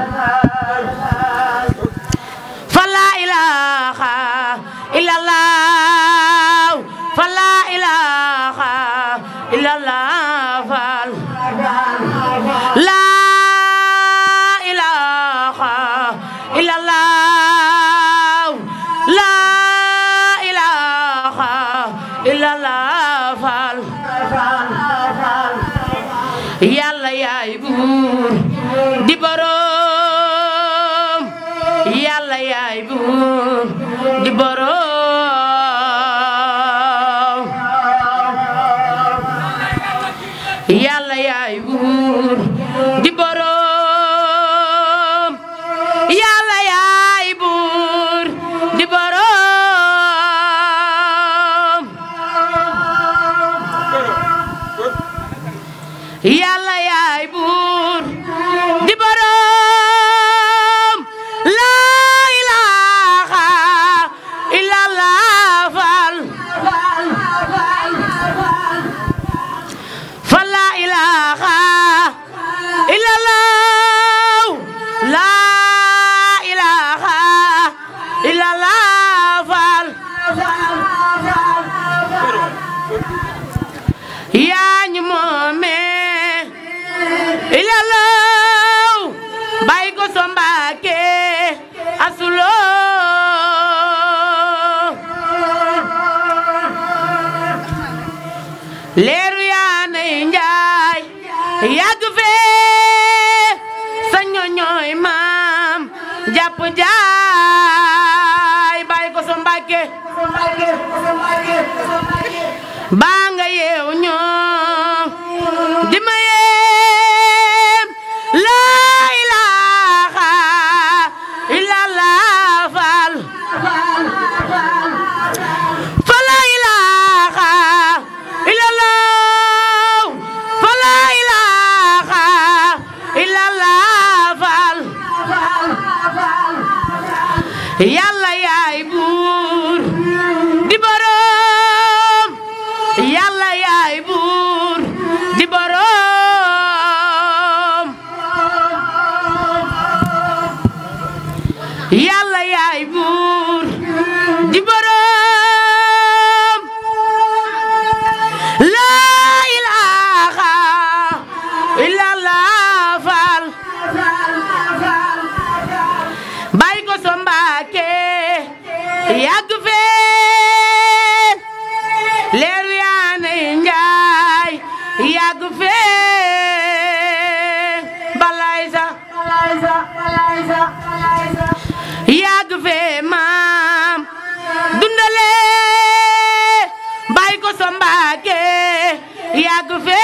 Alvar baa nga yàgg fee leeru yaa nay njaay yàgg fee balay yàgg fee maam dundale bàyyi ko sa yàgg fee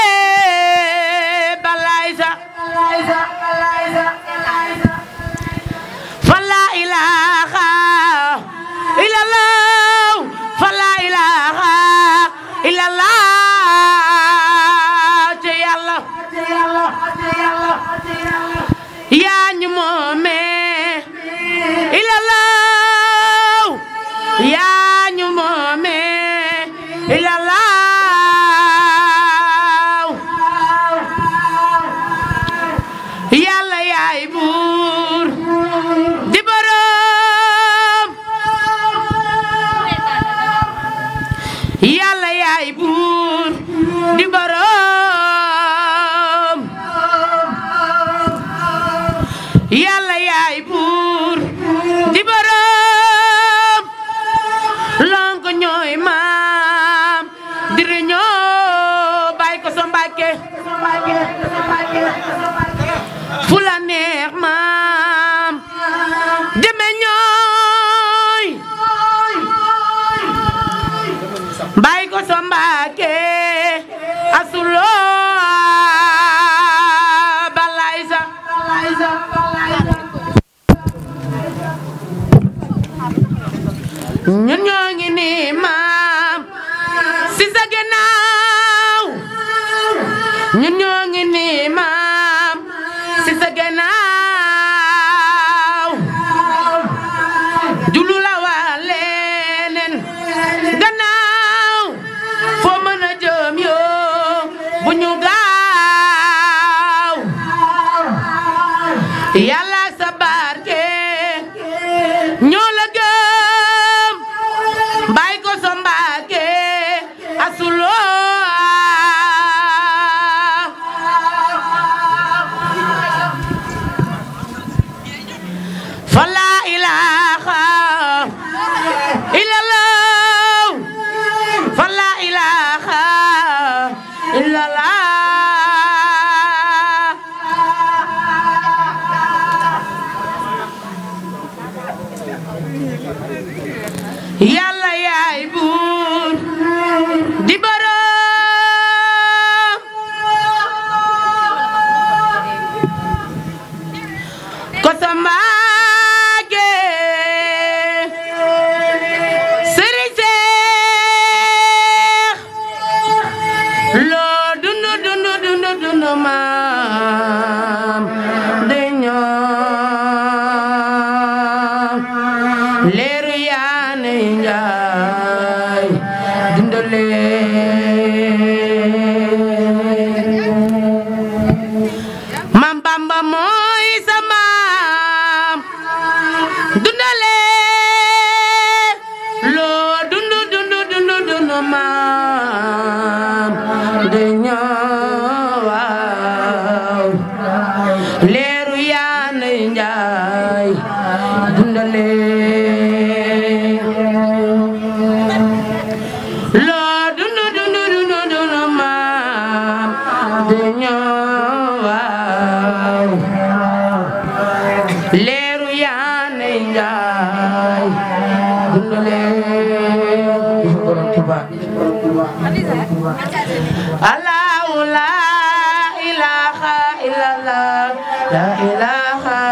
ñun ñoo ngi nii maam si sa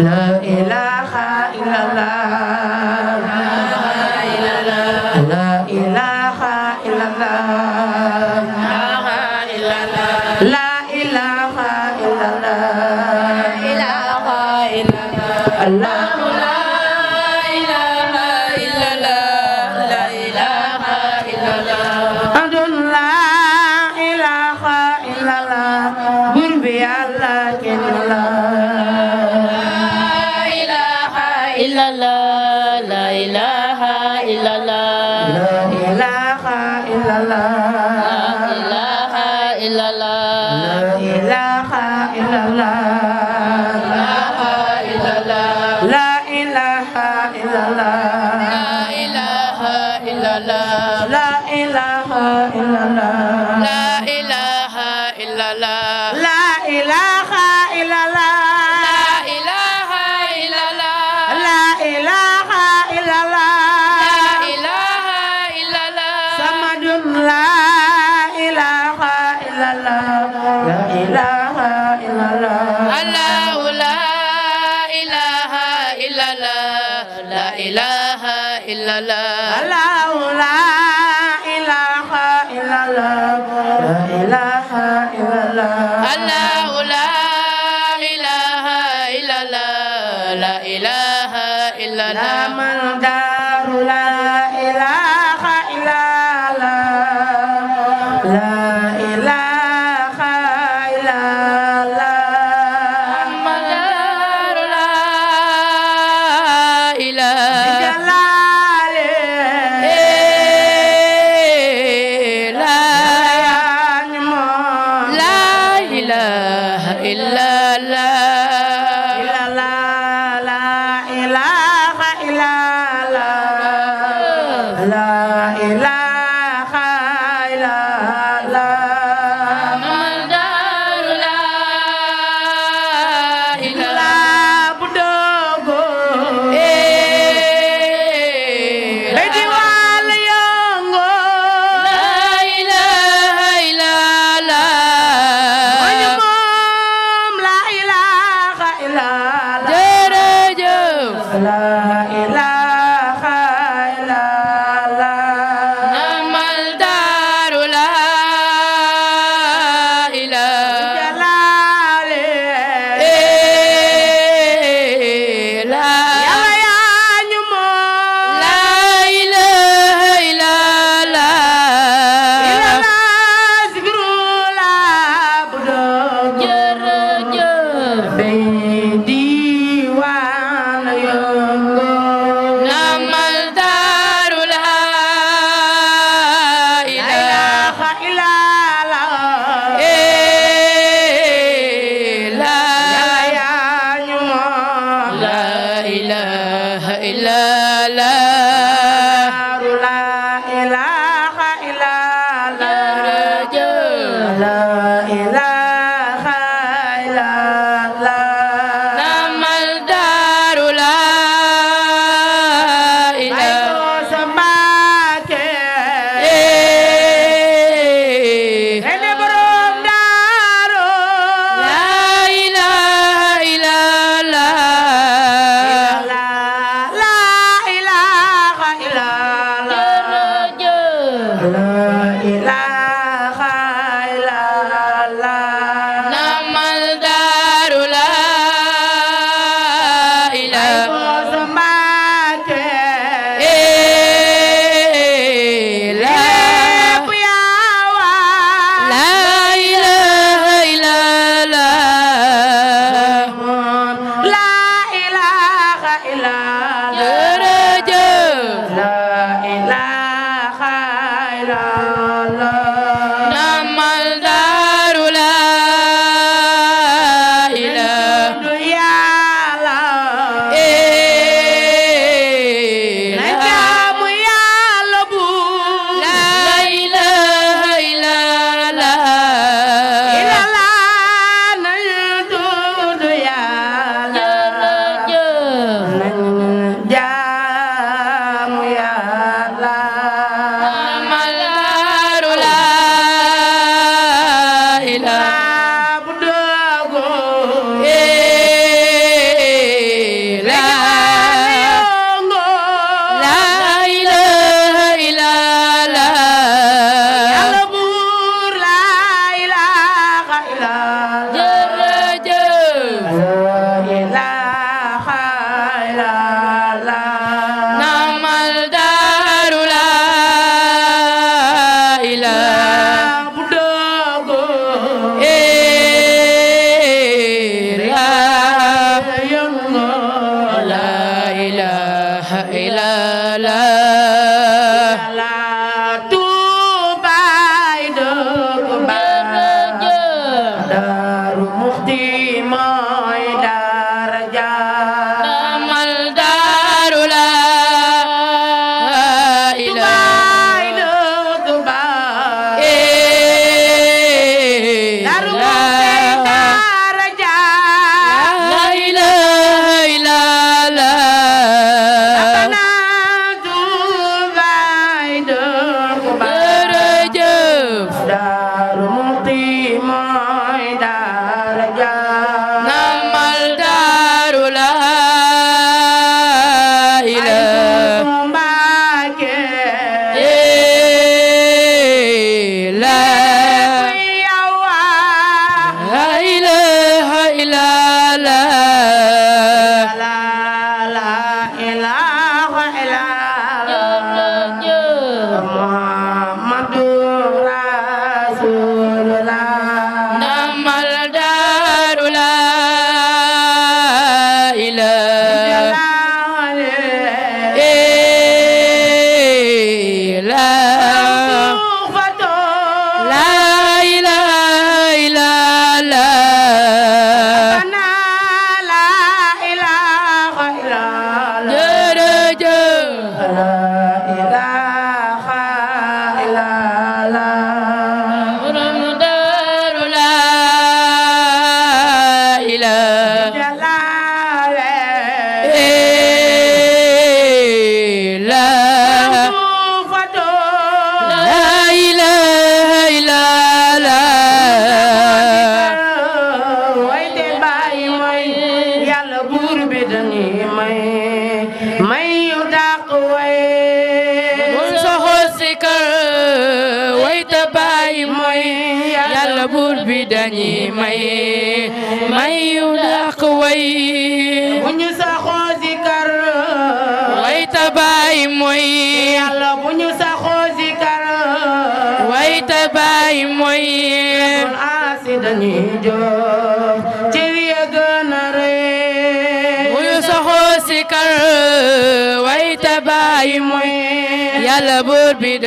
Yeah. إلا الله لا إله إلا الله لا إله إلا الله الله لا إله إلا الله لا إله إلا الله من دار لا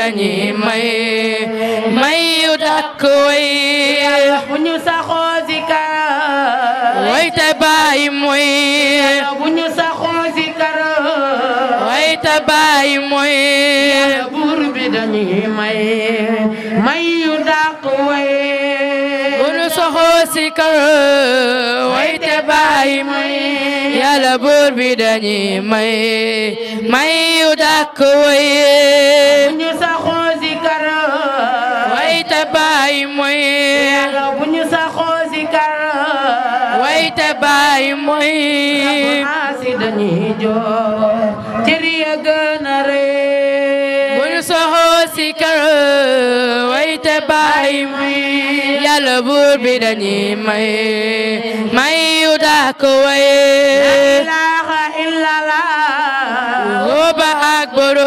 lañuy may may yu dàkk way yàlla bu ñu saxoo zikar way te bàyyi mooy yàlla bu ñu saxoo zikar way te bàyyi mooy yàlla buur bi dañuy may may yu dàkk way bu ñu saxoo zikar way te bàyyi mooy yàlla buur bi dañuy may may yu dàkk way te bàyyi mooy yàlla bu ñu saxoo zikar way te bàyyi mooy rabu dañuy joor cër ya gën a rëy bu ñu saxoo zikar way te bàyyi mooy yàlla buur bi dañuy may may yu daa ko way la ilaha illallah huwa akbar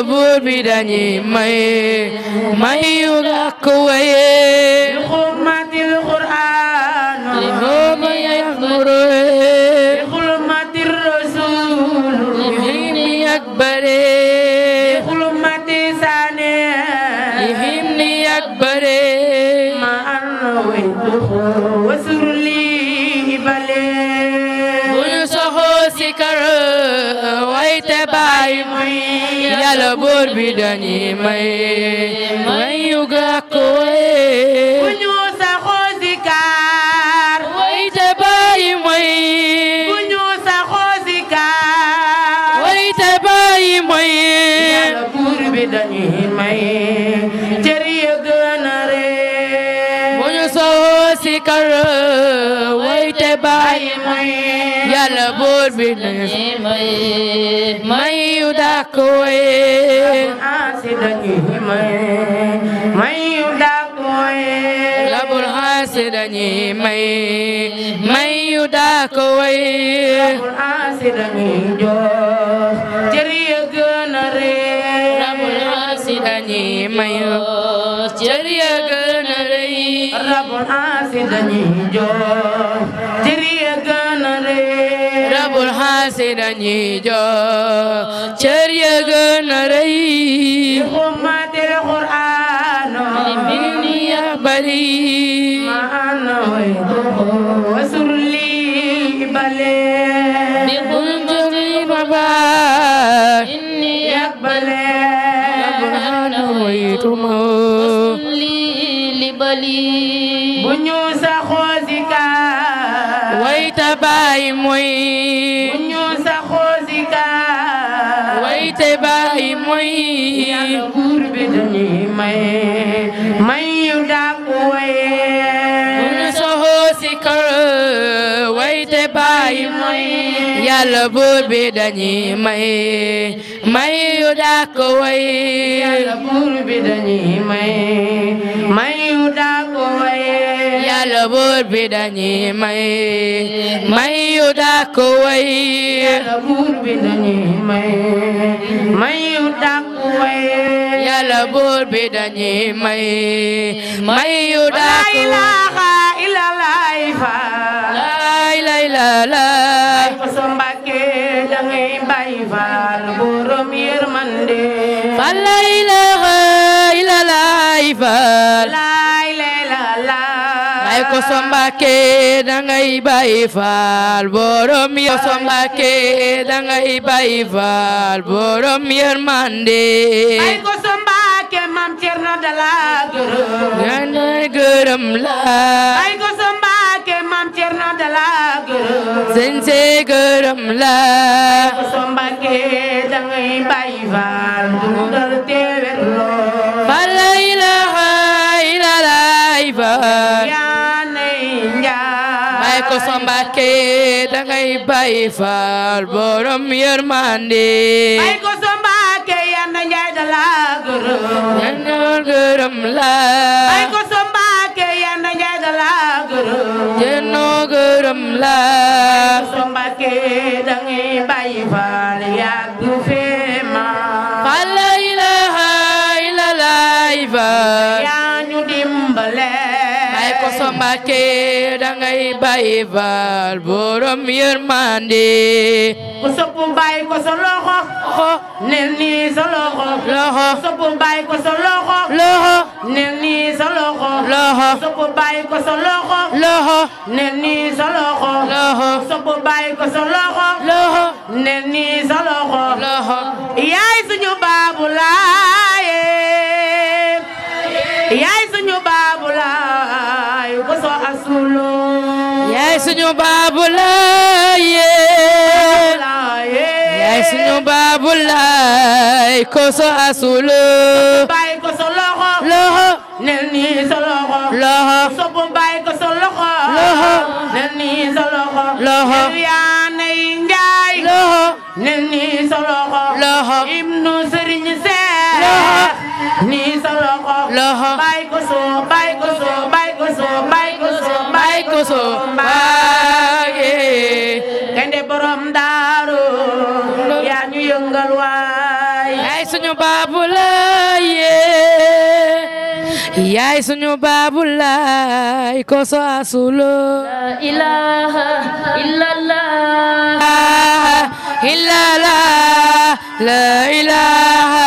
la buur bi dañuy maye mayu gàkk waye bi xurmatil qur'aan لبور بدني مي ويوغا كوي ونوسا خوزيكار ويتباي مي ونوسا خوزيكار ويتباي مي لبور بدني مي تري غنري ونوسا خوزيكار ويتباي مي يا لبور بدني مي dak way asidañi may may yu dak way labul asidañi may may yu gën a rëy labul asidañi may jëri ya gën a rëy سنني جو شريا غنري أمة القرآن مني أخبري ما أنا وسر لي بلي بقل جري بابا إني أقبلي أنا ويتمو وسر لي بلي بنيو سخوزك ويتباي موي woy yàlla buur bi dañuy may may yu dàq woye ñu soxoo si kër te bàyyi may may yu dàq woye may may yu dàq woye yàlla buur bi dañuy may may yu dàkk way yàlla buur bi dañuy may may yu dàkk way yàlla buur bi dañuy may may yu dàkk way la ilaha illallah fa la ilaha illallah fa Mbàkke dangay bay faal borom yërmande fa la ilaha illallah fa ko sombake dangay bay faal borom yar bay faal borom yërmande ay ko sombake mam cerno dala gërëm danay gërëm la ay ko sombake dala gërëm sense gërëm la ay ko sombake dangay bay faal dundal teewet loo fa la ilaha illa la ko sombake dangay bayi faal borom yërmande ay ko sombake yanda njaay dala gërëm yanda gërëm la ay ko sombake yanda njaay dala gërëm yanda gërëm la ay ko sombake dangay bayi faal yaa du fema fa la ilaha illa la Mbàkke dangay bàyyi faal borom yërmande ku sopp bàyyi ko sa loxo nel loxo loxo nel ni sa loxo loxo sopp bàyyi ko sa loxo loxo nel ni sa loxo loxo sopp bàyyi ko sa loxo loxo yaay suñu baabu laay yaay suñu baabu laay koso asulo bay koso loxo loxo nel ni sa loxo loxo sobu bay koso loxo loxo nel ni sa loxo loxo yaanay ibnu sëriñ see loxo ni sa loxo loxo bay koso bay koso bay koso bay koso bay koso yaay suñu baabu laay asulo la ilaha illallah ah, illallah la ilaha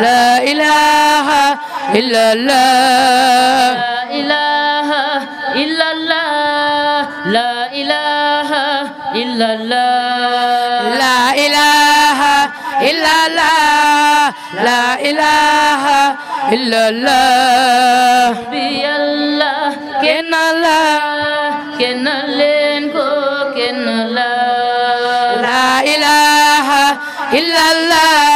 لا إله إلا الله لا إله إلا الله لا إله إلا الله لا إله إلا الله لا إله إلا الله ربي الله كن الله كن لينكو كن الله لا إله إلا الله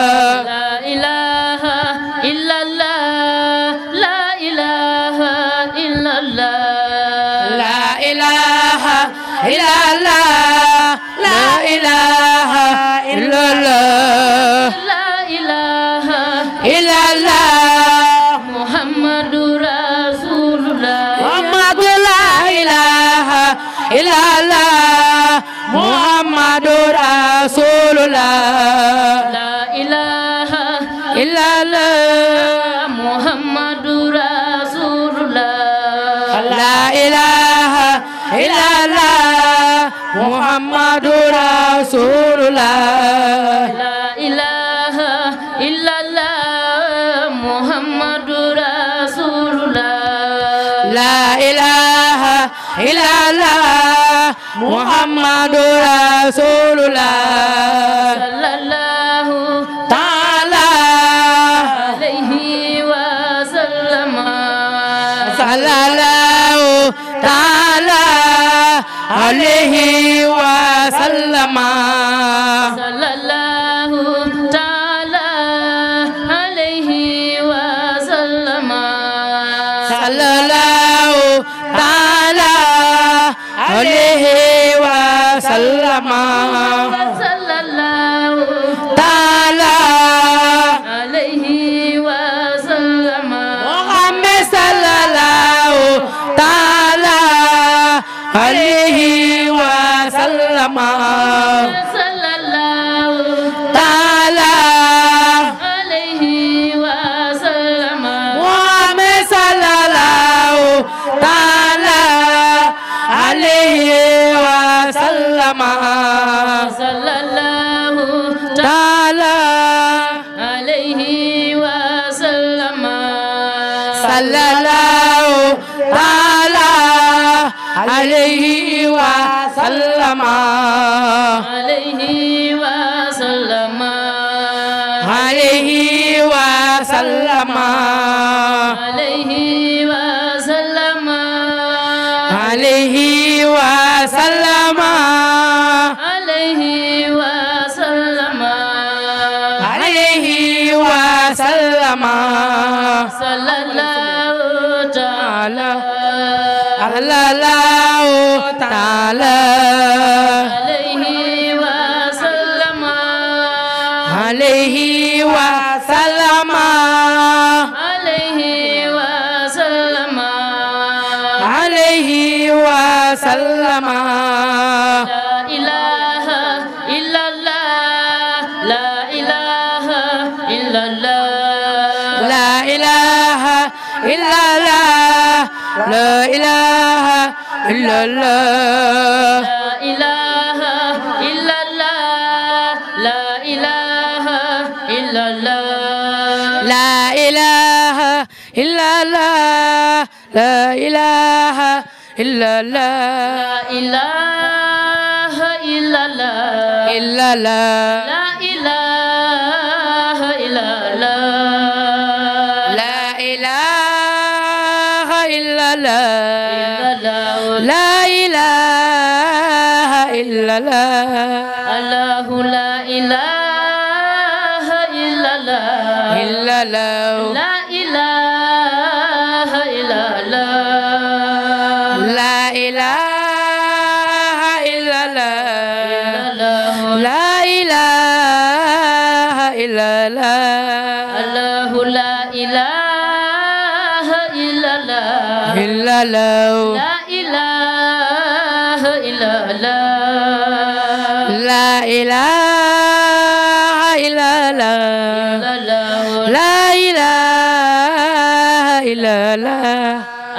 رسول الله لا إله إلا الله محمد رسول الله لا إله إلا الله محمد رسول الله صلى الله تعالى عليه وسلم صلى الله تعالى عليه وسلم وسلم سلاما لا إله إلا الله لا إله إلا الله لا إله إلا الله لا إله إلا الله لا إله إلا الله لا إله إلا الله لا إله إلا الله لا إله إلا لا إله إلا إلا لا إلا لا إلا الله لا إله إلا الله لا إله إلا الله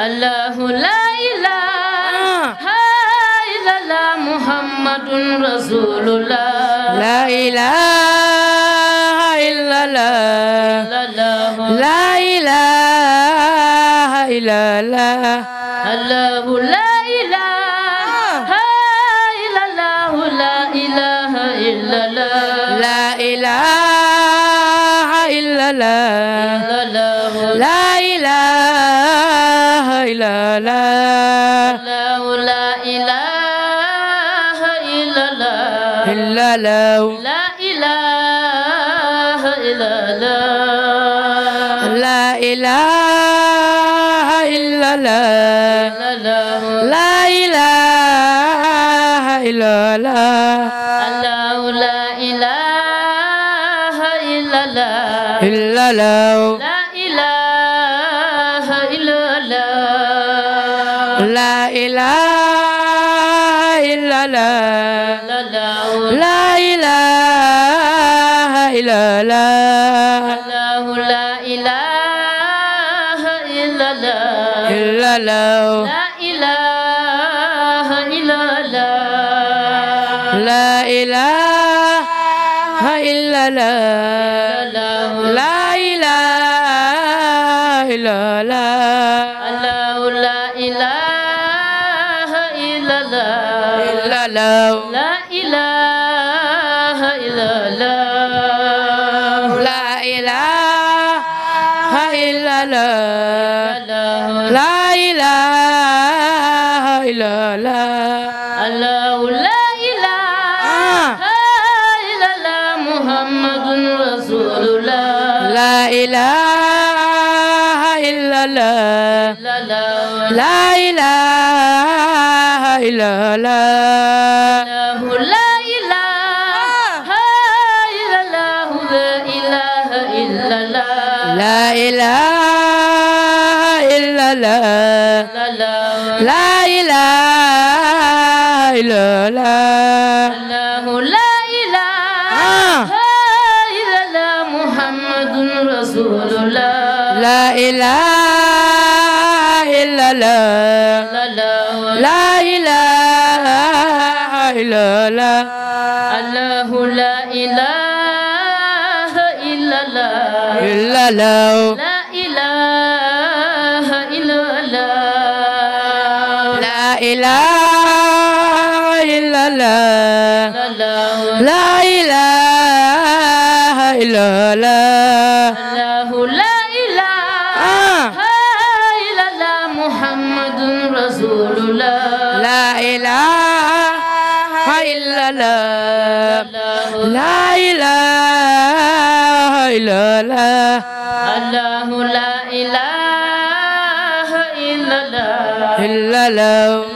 الله لا إله إلا الله محمد رسول الله لا إله إلا الله لا إله إلا الله الله لا Hello. إله إلا لا لا إله إلا لا لا إله إلا لا محمد رسول الله لا إله إلا لا لا إله إلا لا الله لا إله إلا الله لا إله إلا لا لا إله إلا لا لا إله إلا الله hello.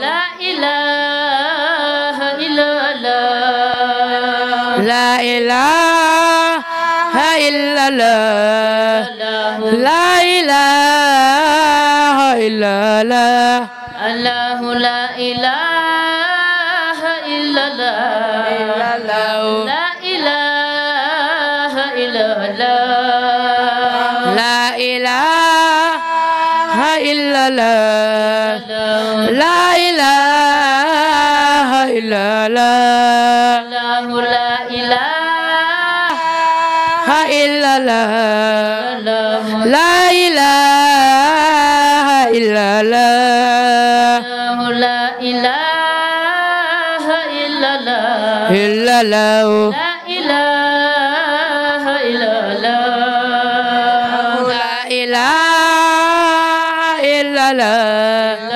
الله لا إله إلا الله لا إله إلا الله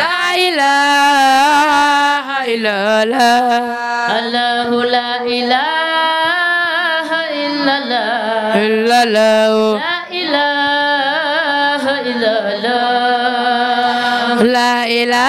لا إله إلا الله الله لا إله إلا الله إلا الله لا إله إلا الله لا إله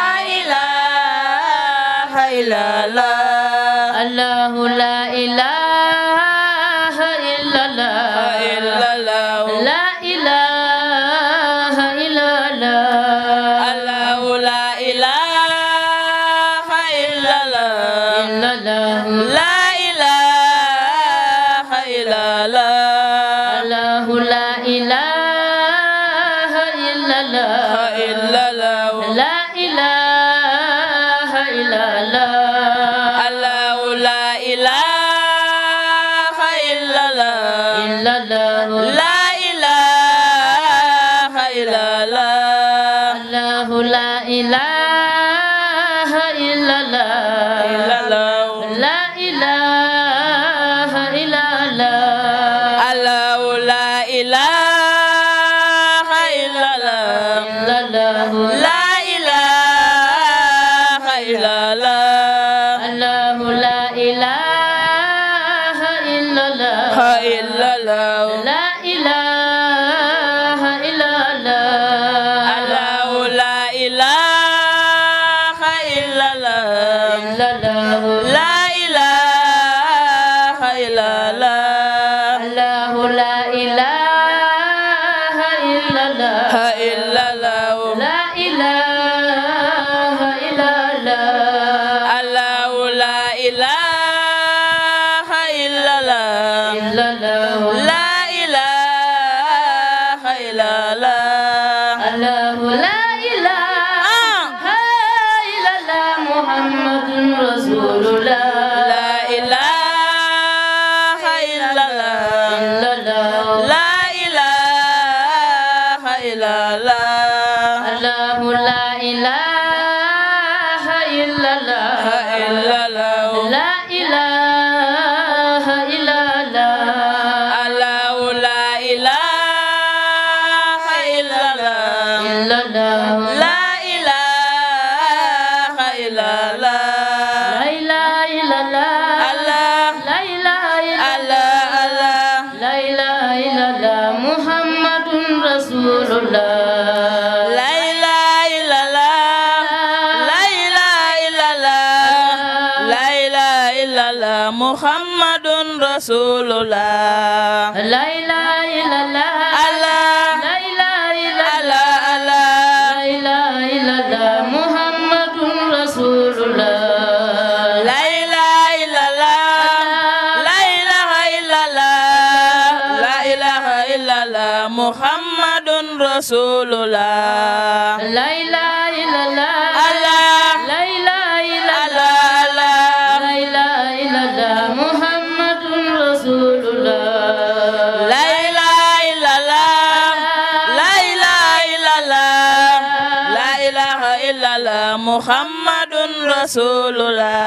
rasulullah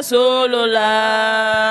solo la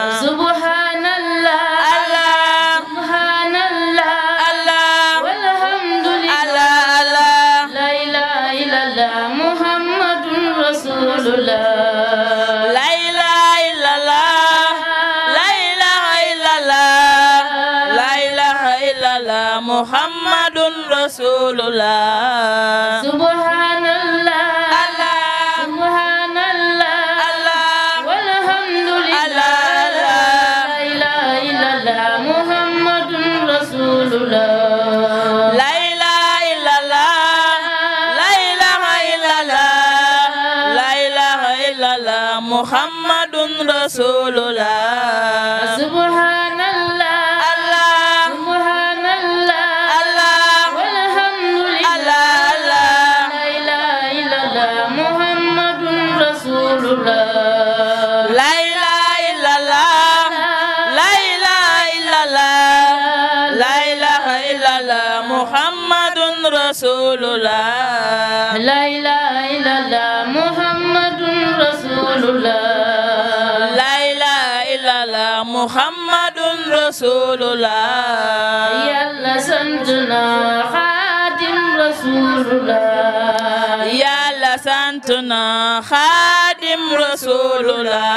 rasulullah yàlla sant na xaadim rasulullah yàlla sant na xaadim rasulullah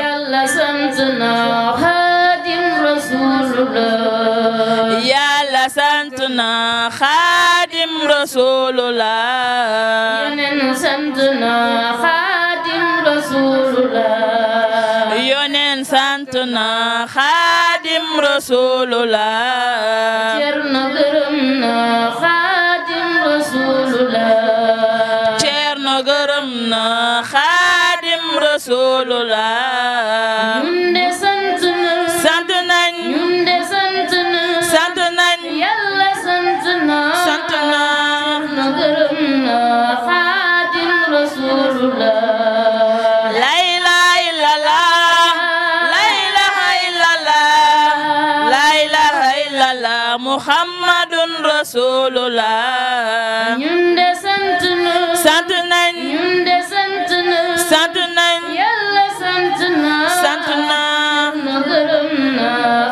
yàlla sant na xaadim rasulullah yàlla sant na xaadim rasulullah yonen sant na xaadim rasulullah yonen sant na xaadim rasulullah Cerno gërëm na xaadim rasulullah Cerno gërëm na xaadim rasulullah muhammadun rasulullah ñun de sant nu sant nañ ñun de sant nu sant nañ yàlla sant na sant na nu gërëm na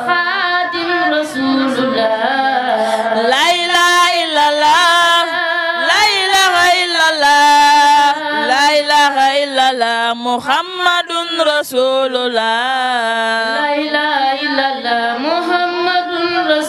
xaadim rasulullah la ilaha illallah la ilaha illallah la ilaha illallah muhammadun rasulullah la ilaha illallah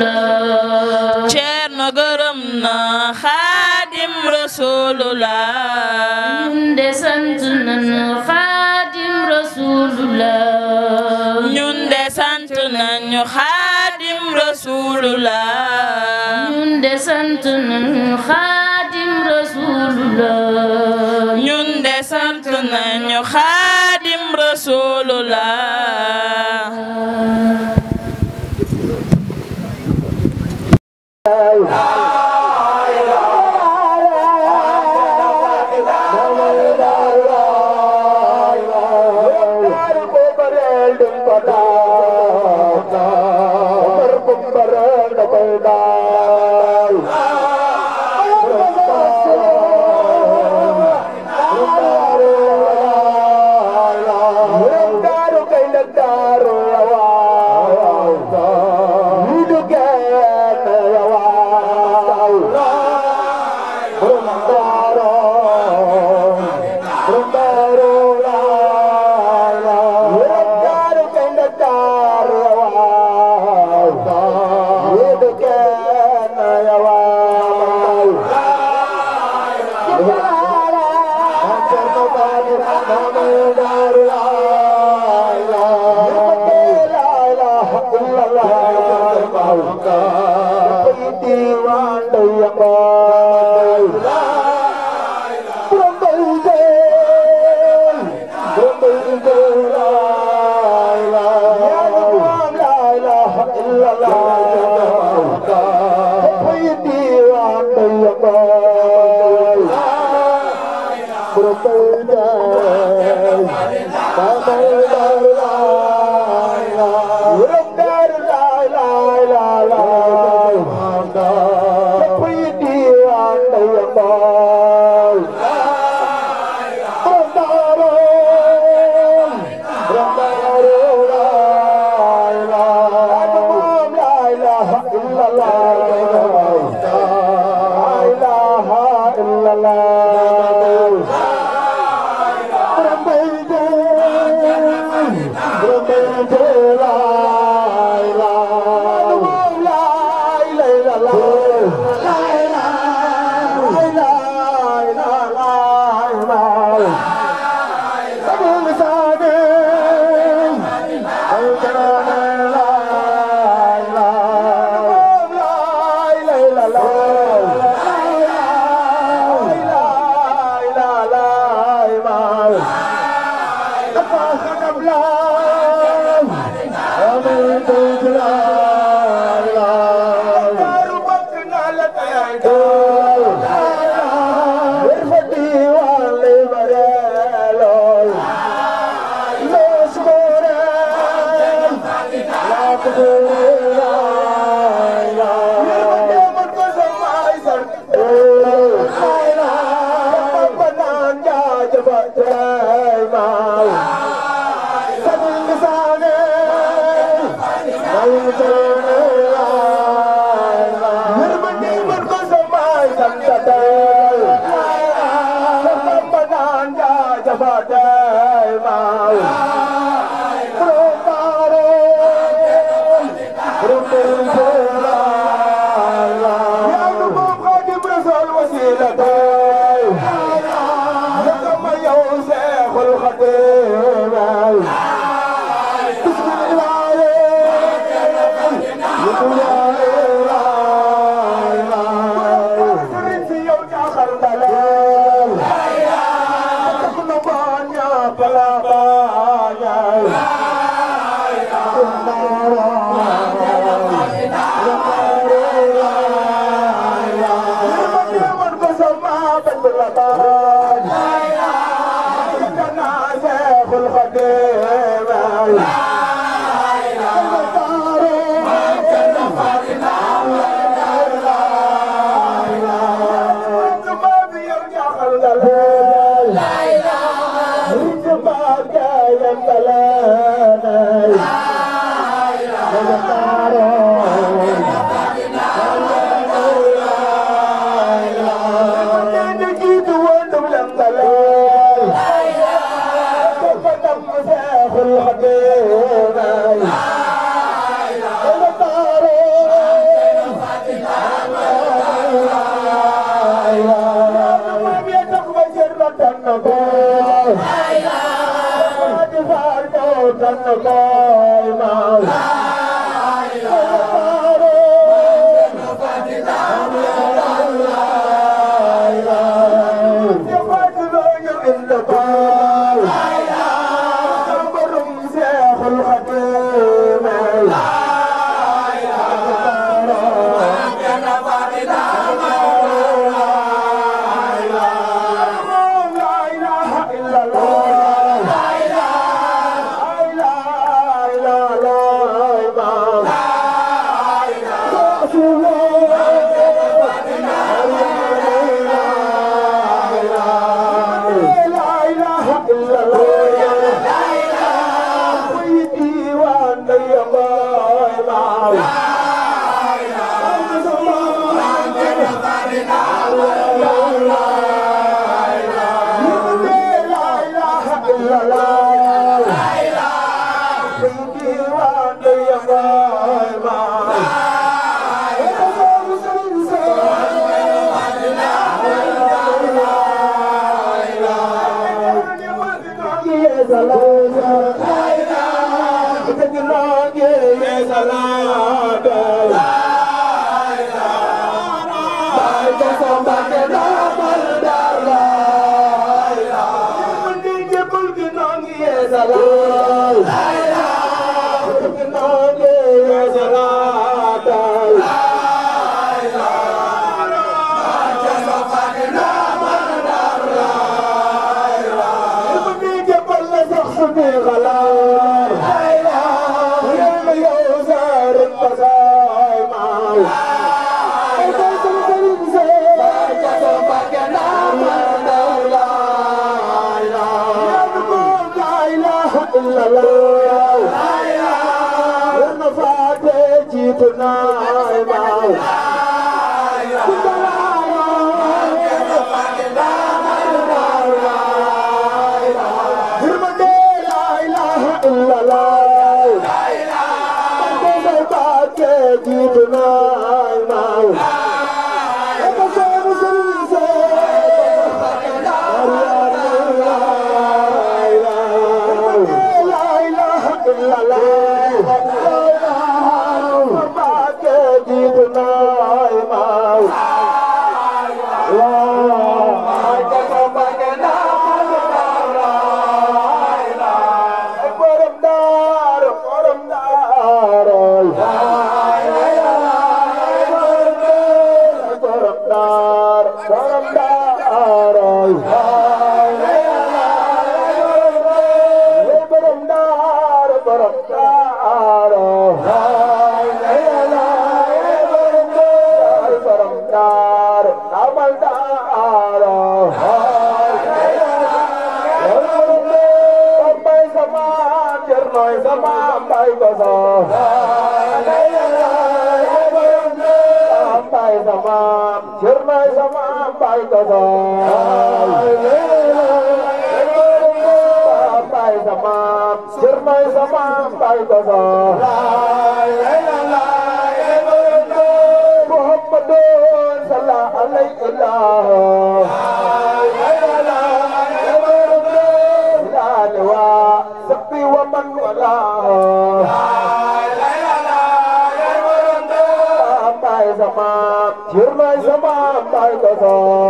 Ceerno gërëm na Xaadim Rasulullah ñun de sant nañu Xaadim Rasulullah Bye. Bora, bora, bora. may sa maam bay ko doon. laay la laay yëngal doon. muhammadun salla alayhi illah. laay la laay yëngal doon. laal waa sëppi wa man wala. laay la laay yëngal doon. maam bay sa maam. jur may sa maam bay ko doon.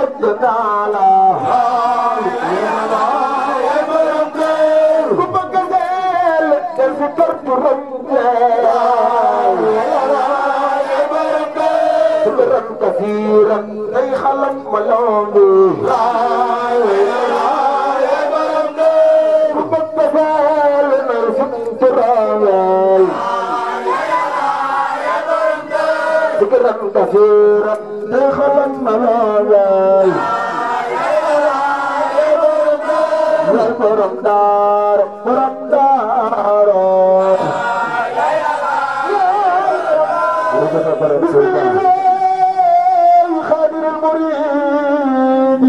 قد تعالى فكرت ربنا كثيرا اي خلق ملامي ربك تفعل من فكرت راوي فكرا كثيرا اي خلق ملامي borom daaru borom daaru xaadir al murid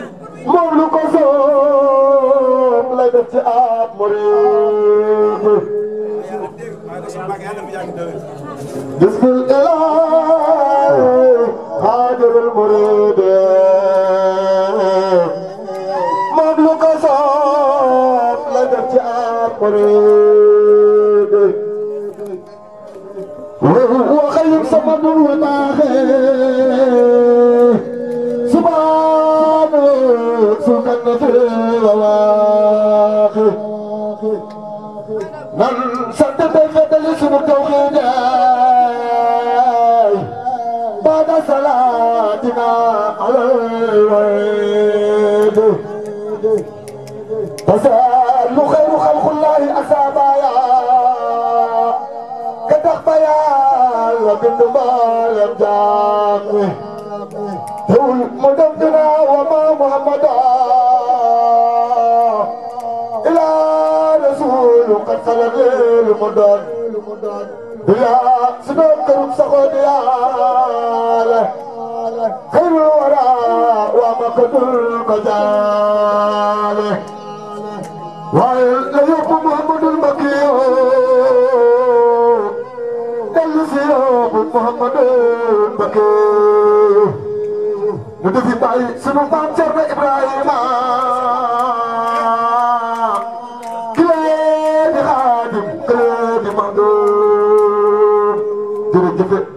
oh. moom lu ko soob lay def ci ab murid واخي من سنت بالفضل اسم التوحيد بعد صلاتنا على الويد تسأل خير خلق الله أسابايا كتخبيا وبنت ما لم تقل هو المدمدنا وما lu mu doon yaa su doon kërum saxoo di yaa la xayrul wara waa makkatul majaale waaye la yóbbu Muhammadul Makiyo dellu si yóbbu Muhammadul Makiyo ñu defi bàyyi sunu maam Cerno Ibrahima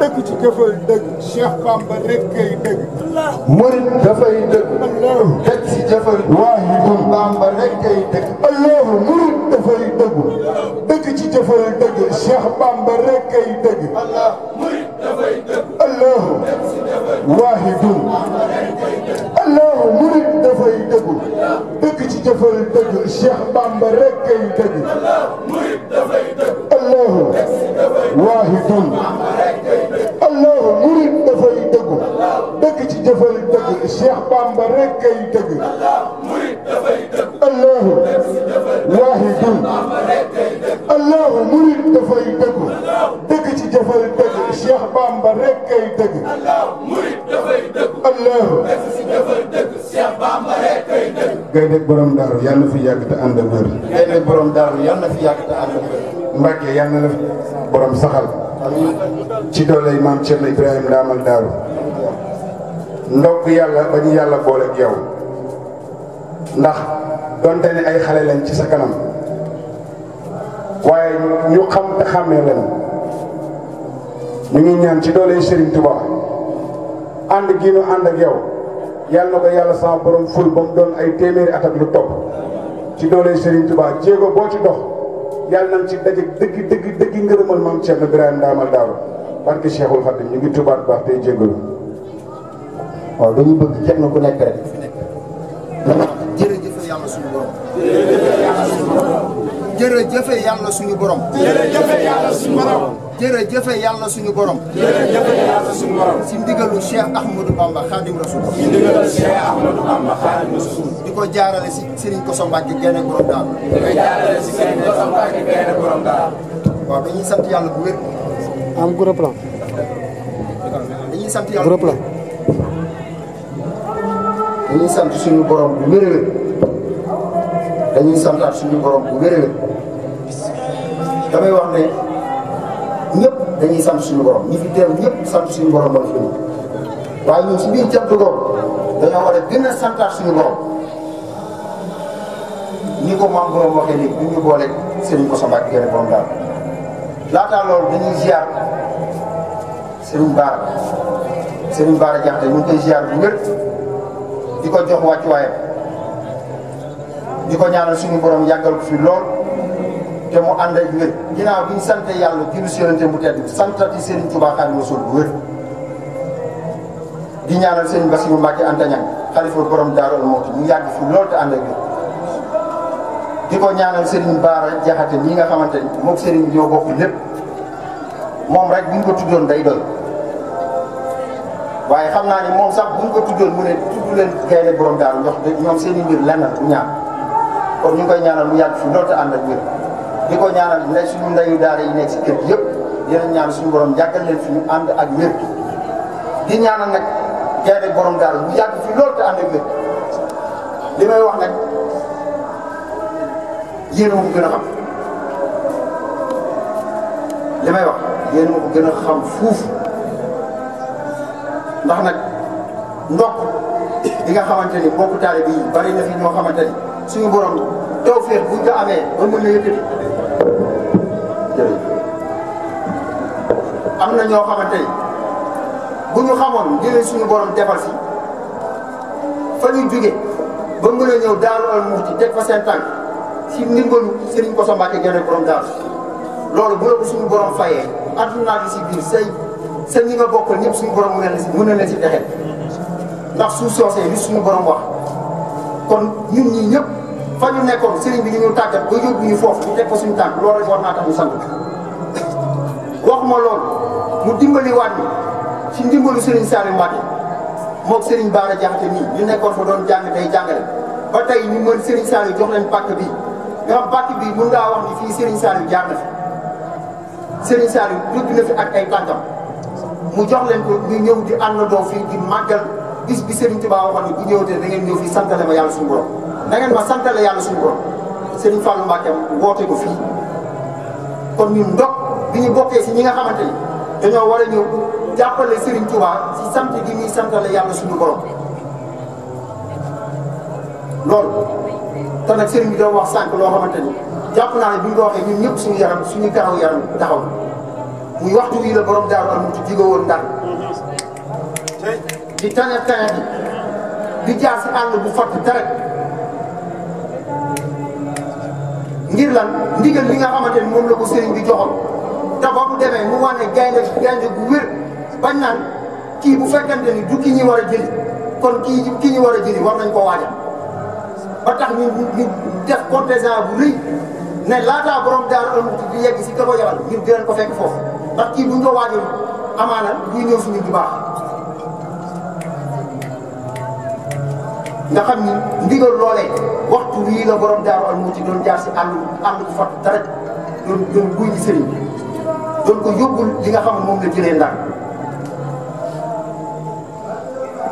dëgg ci jëfal dëgg. Cheikh Bamba rek kay dëgg. murit dafay dëgg. teg ci jëfal. waahidu Bamba rek kay dëgg. allahu murit dafay dëgg. dëgg ci jëfal dëgg. Cheikh Bamba rek kay dëgg. murit dafay dëgg. allahu waahidu. allahu murit dafay dëgg. dëgg ci jëfal dëgg. Cheikh Bamba rek kay dëgg. allahu waahidu. jëfal dëgg Cheikh Bamba rek kay dëgg allahu waahidun allahu murid borom daaru yal na fi yàgg te ànd ak wér gay borom daaru yal na fi yàgg te ànd ak wér Mbàkke yal na borom saxal ci dooley maam Cerno Ibrahima daamal daaru ndokk yàlla ba yàlla boole ak yow ndax donte ne ay xale lañ ci sa kanam waaye ñu xam te xàmmee leen ñu ngi ñaan ci doole Serigne Touba ànd gi ànd ak yow yàlla ko yàlla sama borom ful ba mu doon ay téeméeri at ak lu topp ci doole Serigne Touba jéego boo ci dox yàlla na ci daje dëgg dëgg dëgg ngërëmal maam Cheikh Ibrahima Ndaamal Daaru barke Cheikhul Khadim ñu ngi tubaat baax tey jégalu. waaw dañu bëgg kenn ku nekk rek jërëjëf yàlla suñu borom. jërëjëf yàlla suñu borom. jërëjëf yàlla suñu borom. jërëjëf yàlla suñu borom. jërëjëf yàlla suñu borom. si ndigalu Cheikh Ahmadou Bamba Khadim Rasoul. si ndigalu Cheikh Ahmadou Bamba Khadim Rasoul. di ko jaarale si Serigne Koso Mbacke Gaïndé Borom Daal. di ko jaarale si Serigne Koso Mbacke Gaïndé Borom Daal. waaw dañuy sant yàlla bu wér. am gros plan. dañuy sant yàlla bu wér. dañuy sant suñu borom bu wér-wér dañuy santaat suñu borom bu wér-wér damay wax ne ñëpp dañuy sant suñu borom ñi fi teew sant suñu borom ba fi ñu waaye ñun si biir cant boobu dañoo suñu borom ni ko maam borom waxee ni bu ñu boole Serigne Kosso Mbacke gën a borom loolu dañuy ziar Serigne Bara Serigne Bara Diakhaté ñu di ko jox wàccuwaayam di ko ñaanal suñu borom yàggal ko fi lool te mu ànd ak wér ginnaaw bi ñu sant yàlla julli si yonente mu tedd santati Serigne Touba Xaadimu Rasuul bu wér di ñaanal Serigne Bassirou Mbacke Anta Niang xalifa borom Daaru Muxti mu yàgg fi lool te ànd ak wér di ko ñaanal Serigne Baara Jaxate ñi nga xamante ni moom Serigne ñoo bokk lépp moom rek bu ñu ko tuddoon day doon waaye xam naa ni moom sax bu ñu ko tuddoon mu ne tudd leen gaynde borom daaru ndox ñoom seen i mbir lenn la du kon ñu ngi koy ñaanal mu yàgg fi loolu te ànd ak wér ko ñaanal ndey suñu ndeyu daara yi nekk si kër yëpp dinañ ñaan suñu borom yàggal leen ñu ànd ak wér di ñaanal nag gaynde borom daaru mu yàgg fi loolu te li may wax nag yéen mu gën a xam li may wax yéen a gën a xam fuufu. ndax nag ndox li nga xamante ni mbokku taale bi bari na fi ñoo xamante ni suñu borom tawfeex buñ ko amee ba mën na yëkkati am na ñoo xamante ni bu ñu xamoon jëlee suñu borom defal si fa ñu jóge ba mën a ñëw daaru al muxti teg fa seen tànk si ndimbalu Serigne Kosso Mbacké borom daaru loolu bu la ko suñu borom fayee addunaa bi si biir say sa ñi nga bokkal ñëpp suñu borom mel na na si pexe ndax suuf soosee li suñu borom wax kon ñun ñii ñëpp fa ñu nekkoon sëriñ bi ñu ñu tàggat ba yóbbu ñu foofu ñu teg ko suñu tànk loolu rek war naa tax ñu sant waxuma loolu mu dimbaliwaat bi ñu ci ndimbalu Serigne Saliou Mbacké moog Serigne Bara Diakhaté nii ñu nekkoon fa doon jàng tey jàngale ba tey ñu mën Serigne Saliou jox leen pàkk bii nga xam bii mun ngaa wax ni fii Serigne Saliou jaar na fi Serigne Saliou dugg na fi ak ay tànkam mu jox leen ko ñu ñëw di àndandoo fii di màggal bis bi Serigne Touba waxoon ne bu ñëwatee da ngeen ñëw fii santale ma yàlla suñu borom da ngeen ma santale yàlla suñu borom ko fii kon ñun ndog bi ñu bokkee si ñi nga xamante ni dañoo war a ñëw jàppale Serigne Touba si sant gi ñuy santale yàlla suñu borom loolu te nag Serigne bi doon wax sànq loo xamante ni jàpp naa ne bi ñu ko waxee ñëpp suñu yaram suñu garaw yaram taxaw muy waxtu wi la borom jaar am ci jóge woon ndar di tane tane bi di jaar ci and bu fott dara ngir lan ndigal li nga xamante mom la ko sëriñ bi joxoon ta ba mu deme mu wane gaynde gaynde gu wer bañ nan ki bu fekkante ni du ki ñi wara jëli kon ki ki ñi wara a jëli war nañ ko waajal ba tax ñu ñu def contingent bu ne laataa borom daaru am di yegg si ka ko yabal ngir di leen ko fekk foofu ndax kii bu ñu ko waajal amaana buy ñëw si ñun baax nga xam ni ndigal loolee waxtu wii la borom daaru al muuti doon jaar si àll àll bu fat dara doon guy ji sëriñ doon ko yóbbul li nga xam ne moom la jëlee ndax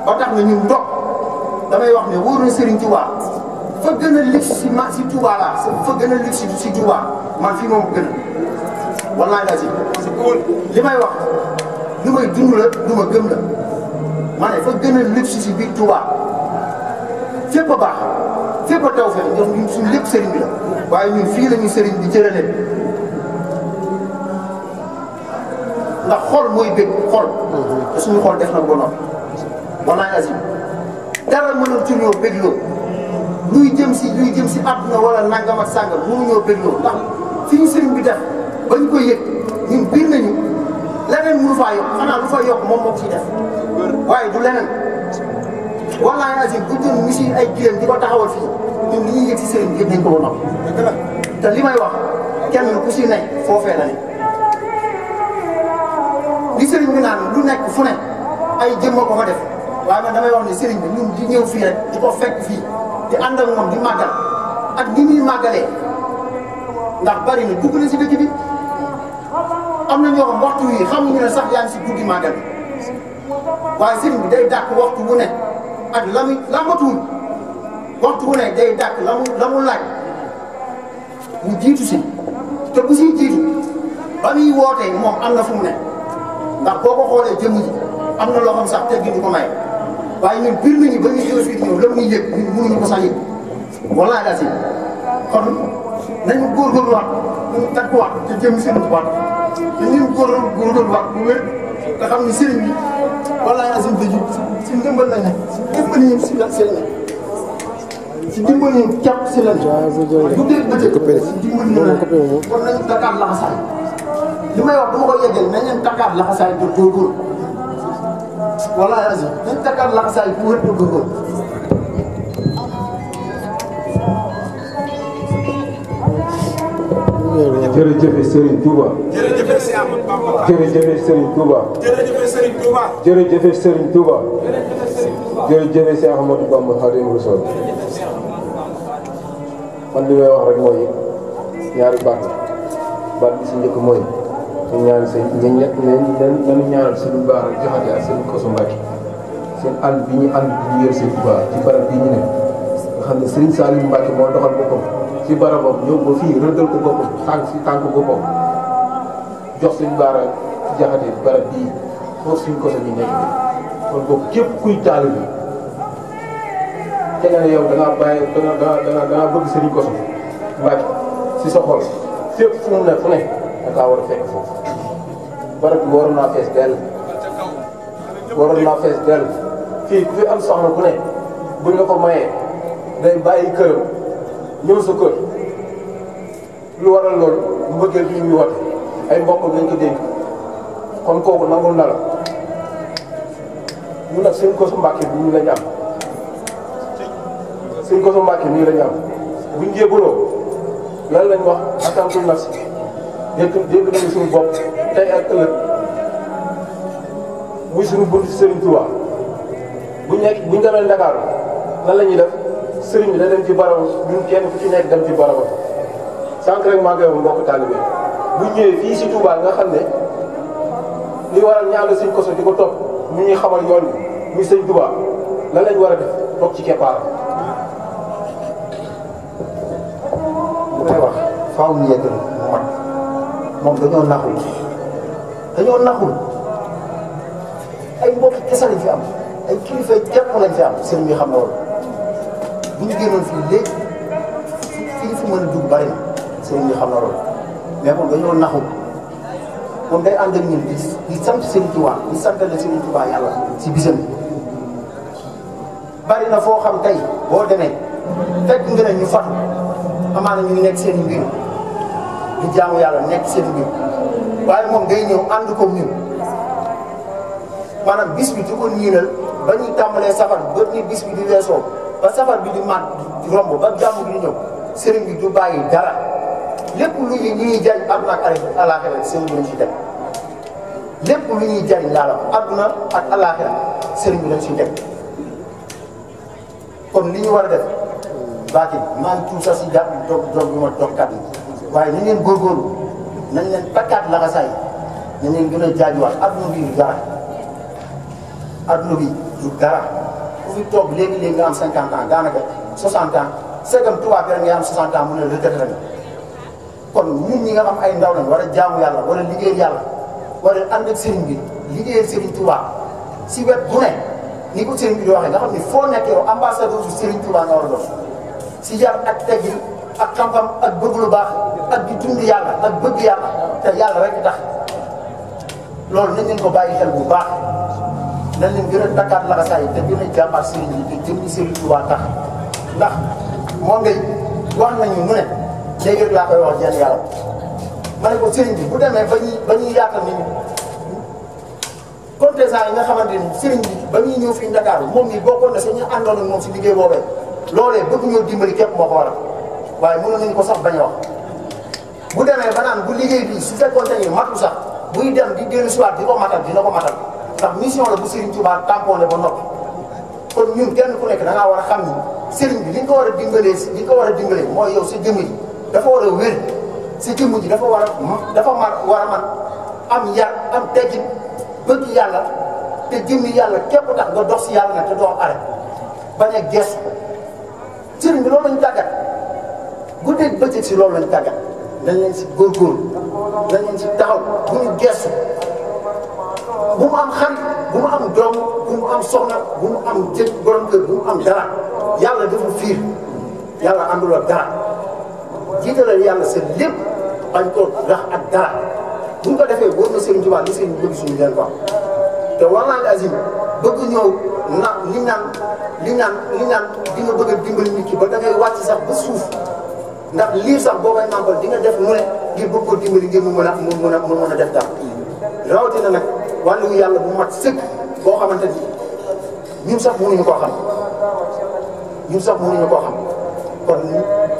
ba tax na ñun ndox damay wax ne wóor na sëriñ Tuubaa fa gën a ligg si ma si Tuubaa laa fa gën a ligg si si man fii moom gën wallaahi la si parce que li may wax lu may dund la lu gëm la ma ne fa gën a luxe si biir Touba fépp a baax fépp a taw feex ñoom ñun suñ waaye fii la ñu sëriñ bi ndax xol mooy bëgg xol te suñu def na ko noppi wallaahi la si dara mënul ci ñoo bégloo luy jëm si luy jëm si àdduna wala nangam ak sàngam mënuñoo bégloo ndax fi ñu sëriñ bi def bañ koy yëg ñun biir nañu leneen mënu faa yokk xanaa lu fa yokk moom moo ko def waaye du leneen wallaahi azim bu jëm misi ay gileem di ko taxawal fii ñun li si sëriñ bi ko war a te li may wax kenn ku si nekk foofee bi naan lu nekk fu ay jëmm ko fa def waaye man damay wax ne sëriñ bi ñun di ñëw fii rek di ko fekk fii di ànd ak di màggal ak ni muy màggalee ndax bari na dugg na si dëkk am na ñoo xam waxtu yi xamuñu ne sax yaa ngi si guddi maa dem waaye sëriñ bi day dàq waxtu wu ne ak la muy làmbatuwul waxtu la mu laaj mu jiitu si te bu si jiitu ba muy wootee moom am na fu mu ne ndax boo ko xoolee jëmm ji am na loo xam sax te gi ko may waaye ñun biir nañu ba ñuy jógee fii ñëw lépp muy yëg ñun mënuñu ko sax yëg wallaahi daal kon nañu góorgóorluwaat nañu takkuwaat te jëmm seen tubaab. te ñu ngi góorgóorlu góorgóorlu baax bu wér nga xam ne sëriñ bi wallaahi asim dëju si ndimbal la nekk si ndimbal yi si la si la nekk si ndimbal yi càpp si la nekk bu dee bëccëg si ndimbal yi la kon nañu takkaat laxasaay li may wax dama ko yeggee nañ leen takkaat laxasaay pour góorgóorlu wallaahi asim nañ takkaat laxasaay pour wér pour góorgóorlu jërëjëf Serigne Touba. jërëjëf Serigne Touba. jërëjëf Serigne Touba. jërëjëf Serigne Touba. jërëjëf Serigne Touba. jërëjëf Serigne Ahmadou Bamba Khadim Rassoul. man li may wax rek mooy ñaari baat la baat bi si njëkk mooy ñu ñaan seen ñun ñett nañu ñaanal seen baax rek joxate ak seen kosu Mbàkke seen ànd bi ñu ànd bi ñu yor seen Touba ci barab bii ñu ne nga xam ne Serigne Saliou Mbacke moo doxal boppam. ci barabam ñëw ba fii rëddal ko boppam tànk si tànk boppam jox suñ baara jaxate barab bii foog suñ ko sañu nekk kon ko képp kuy taal bi te yow da ngaa bàyyi da nga da nga da nga bëgg sëriñ ko sax si sa xol fépp fu mu ne fu ne da ngaa war a fekk foofu barab bi waroon naa fees dell waroon naa fees dell fii fi am soxna ku ne buñ la ko mayee day bàyyi këram ñëw sa kër lu waral loolu mbëggeel bi ñu woote ay mbokk lañ ko dénk kon kooku nangul na la ñu nag seen kosu Mbàkke bi ñu la ñu am seen kosu Mbàkke bi ñu la ñu am buñ jébaloo lan lañ wax atantul nas dégg dégg nañu suñu bopp tey ak ëllëg muy suñu bunt Sëriñ Tuubaa bu ñu nekk bu ñu demee Ndakaaru lan la def sëriñ bi da dem ci barabam ñun kenn ku ci nekk dem ci barabam sànq rek maa ngi wax mbokk taalibe bu ñëwee fii si Touba nga xam ne li waral ñaanal sëñ koso di ko topp ñu ñuy xamal yoon bi muy sëñ Touba lan lañ war a def toog ci keppaar bu koy wax faaw ñu yeggal mu moom dañoo naxul dañoo naxul ay mbokk kese lañ fi am ay kilifa jàpp lañ fi am sëriñ bi xam loolu bu ñu génnoon fii léegi fii fi mën a dugg bari na sëriñ bi xam moom dañoo naxu moom kon ànd ak ñun di di sant sëriñ Tuubaa di santale sëriñ Tuubaa yàlla si bisam bari na foo xam tey boo demee te nga ne ñu fatu amaana ñu nekk seen mbir di jaamu yàlla nekk seen mbir waaye moom ngay ñëw ànd ko ñun maanaam bis bi di ko niinal ba ñuy tàmbalee safar ba ni bis bi di weesoo ba safar bi di màgg di romb ba gàmm gi ñew serigne bi du bàyyi dara lepp lu ñi ñuy jariñ àdduna ak alaaxira sëriñ bi dañ ci teg lepp lu ñi jël la la aduna ak alaaxira serigne bi dañ ci teg kon li ñu wara def baati maa ngi tuut sax si jàpp dog dog mo dog kat waye waaye ngeen gor gor nañ leen pakkat la nga say nañ leen gën a jaajuwaat àdduna bi dara aduna bi du dara fi toog léegi-léegi nga am 50 ans daanaka 60 ans segam tubaab bi nga am mu ne retraite la kon ñun ñi nga am ay ndaw lañ war a jaamu yàlla wala liggéey yàlla wala ànd ak sëriñ bi liggéeyal sëriñ Tuubaa si wet bu ne ni ko sëriñ bi di waxee nga xam ni foo nekk yow ambassadeur su sëriñ Tuubaa nga war a doon si yar ak teggin ak xam-xam ak bëgg lu baax ak di dund yàlla ak bëgg yàlla te yàlla rek tax loolu nañ leen ko bàyyi xel bu baax. nan leen gën a takkaat laxasaay te gën a jàmbaar sëriñ bi te jëm sëriñ Tuubaa tax ndax moom ngay wax nañu mu ne léegi rek laa koy wax jenn yàlla ma ne ko sëriñ bi bu demee ba ñuy ba ñuy yaatal ni contestant yi nga xamante ni sëriñ bi ba ñuy ñëw fii Dakar moom mii bokkoon na si ñu àndoon moom si liggéey boobee loolee bëgg ñoo dimbali képp moo ko waral waaye mënoon nañu ko sax bañ a wax bu demee ba naan bu liggéey bi su fekkoon te mat matu sax buy dem di dellu si waat di ko matal dina ko ndax mission la bu Serigne Touba tamponné ba noppi kon ñun kenn ku nekk da ngaa war a xam ni Serigne bi li nga ko war a dimbalee si li ko war a dimbalee mooy yow sa jëmm ji dafa war a si sa jëmm ji dafa war a dafa mar war a man am yar am teggin bëgg yàlla te jëmmi yàlla képp tax nga dox si yàlla nag te doo arrêt bañ a gestu Serigne bi loolu lañu tàggat guddeeg bëccëg si loolu lañu tàggat nañ leen si góorgóorlu nañ leen si taxaw bu ñu bu mu am xarit bu mu am doom bu mu am soxna bu mu am jëkk borom bu mu am dara yàlla dafa fiir yàlla àndul ak dara jiitalal yàlla seen lépp bañ koo rax ak dara bu ñu ko defee wóor na Serigne Touba li bu bëgg suñu leen ko am te wallaahi azim bëgg ñëw na li naan li naan li naan di nga bëgg dimbali nit ki ba da ngay wàcc sax ba suuf ndax lii sax boo koy nàmpal di nga def mu ne ngir bëgg dimbali ngir mu mën a mu mën a mu mën a def dara rawatina nag. wàllu gu yàlla bu mat sëkk boo xamante ni ñun sax mënuñu ko xam ñun sax mu mënuñu ko xam kon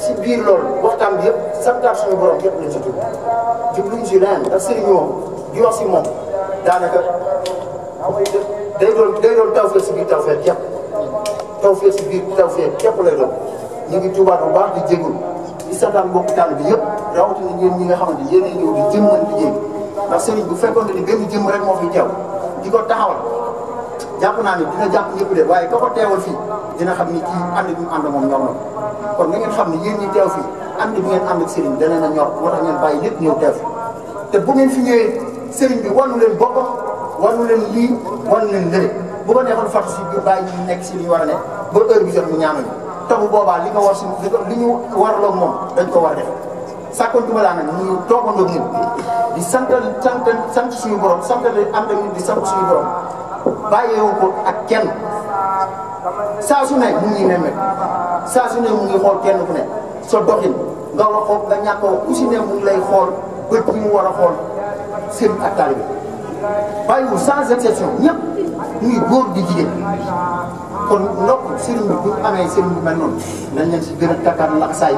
si biir lool waxtaan bi yëpp santaat suñu borom képp lañ si tudd si leneen ak sëriñ moom di wax si moom daanaka day doon day doon tawfeex si biir tawfeex képp tawfeex si biir tawfeex képp lay doon ñu ngi tubaat bu baax di jégul di santaat mbokk tànn bi yëpp rawatina ñeen ñi nga xamante yéen a ñëw di jëmmal ndax sëriñ bu fekkoon ni gën jëmm rek moo fi teew di ko taxawal jàpp naa ni dina jàpp ñëpp de waaye ka ko teewal fii dina xam ni kii ànd bi mu ànd moom ñor na kon na xam ne yéen ñi teew fii ànd bi ngeen ànd ak sëriñ ñor moo tax ngeen bàyyi lépp ñëw teew te bu ngeen fi ñëwee sëriñ bi wanu leen boppam wanu leen lii wanu leen lële bu ko neexoon fàttu si bi bàyyi ñu nekk si li war a nekk ba heure bi jot mu ñaanal te boobaa li nga war si li ñu waraloon moom dañ ko war a def sàkkoon duma laa nag ñu toogandoo di santal sant sant suñu borom santal am na di sant suñu borom bàyyeewu ko ak kenn saa su ne mu ngi nemme saa su ne mu ngi xool kenn ku ne sa doxin nga wax ko nga ñàkk ku si ne mu lay xool bët bi mu war a xool seen ak taalibe bàyyiwul sans exception ñëpp muy góor di jigéen kon ndox sëriñ bi bu amee sëriñ bi mel noonu nañ leen si gën a takkaat laxasaay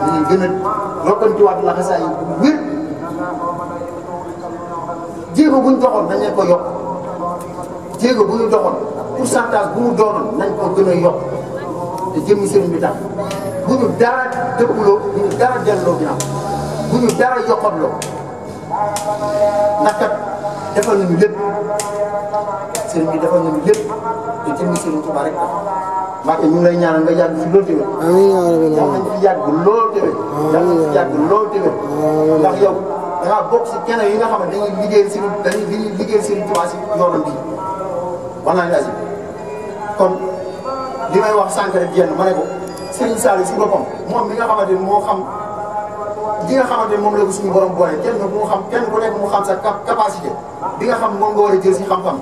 nañ leen gën a rokkantiwaat laxasaay bu wér jéego bu ñu doxoon nañ leen ko yokk jéego bu ñu doxoon pourcentage bu mu doonoon nañ ko gën a yokk te jëmmi sëriñ bi tax bu ñu dara dëppuloo bu ñu dara delloo ginnaaw bu ñu dara yokkatloo ndax kat defal nañu lépp sëriñ bi defal nañu lépp te jëmmi sëriñ Tuubaa rek tax Mbacke ñu ngi lay ñaanal nga yàgg fi loolu déwén. amiin yaa rabbal aalamiin yàgg fi yàgg loolu waaw bokk si keneen yi nga xam ne dañuy liggéeyal si dañuy liggéeyal Sëriñ Tuubaa si yoonam bi wala nga si kon li may wax sànq rek jenn ma ne ko Sëriñ Saliou si boppam moom mi nga xamante ni moo xam li nga xamante ni moom la ko suñu borom boole kenn mu xam kenn ku nekk mu xam sa capacité bi nga xam moom nga war a jël si xam-xam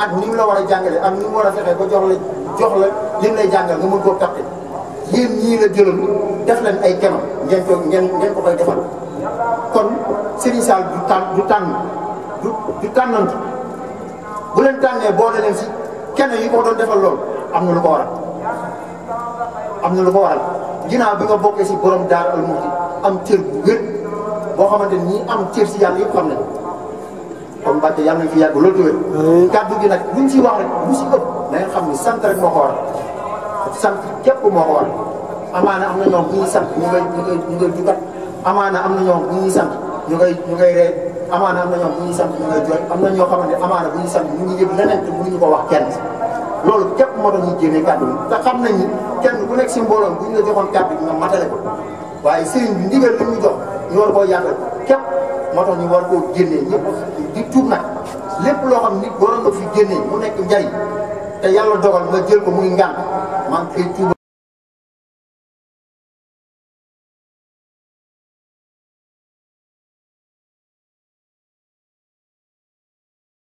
ak ni mu la war a jàngale ak ni mu war a fexee ko jox la jox la li mu lay jàngal nga mën koo capté yéen ñii jëlal def leen ay kenam ngeen ko ngeen ngeen ko koy defal. Serigne Sall du tàn du tànn du du tànnantu bu leen tànnee boole leen si kenn yi ko doon defal lool am na lu ko waral am na lu ko waral bi nga bokkee si borom daar al am cër bu wér boo xamante ni ñi am cër si yàlla yëpp xam nañ kon Mbacke yàlla nañ fi yàgg loolu tuwér kàddu gi nag buñ si wax rek bu si ëpp na nga xam ni sant rek moo ko waral sant am na ñoom bu ñuy sant ñu ngay ñu ngay ñu ngay jugat amaana am na ñoom bu sant ñu ngay ñu ngay ree amaana am na ñoom bu ñuy sant ñu ngay jooy am na ñoo xamante amaana bu ñuy sant ñu ngi yëg leneen te mënuñu ko wax kenn loolu képp moo tax ñu génnee kàddu bi te xam nañ ni kenn ku nekk si mbooloon bu ñu la joxoon kàddu bi nga matale ko waaye sëriñ bi ndigal li ñu jox ñu war koo yàggal képp moto ñu war koo génnee ñëpp di tuub nag lépp loo xam nit waroon nga fi génnee mu nekk njariñ te yàlla dogal nga jël ko muy ngànt nga kay tuub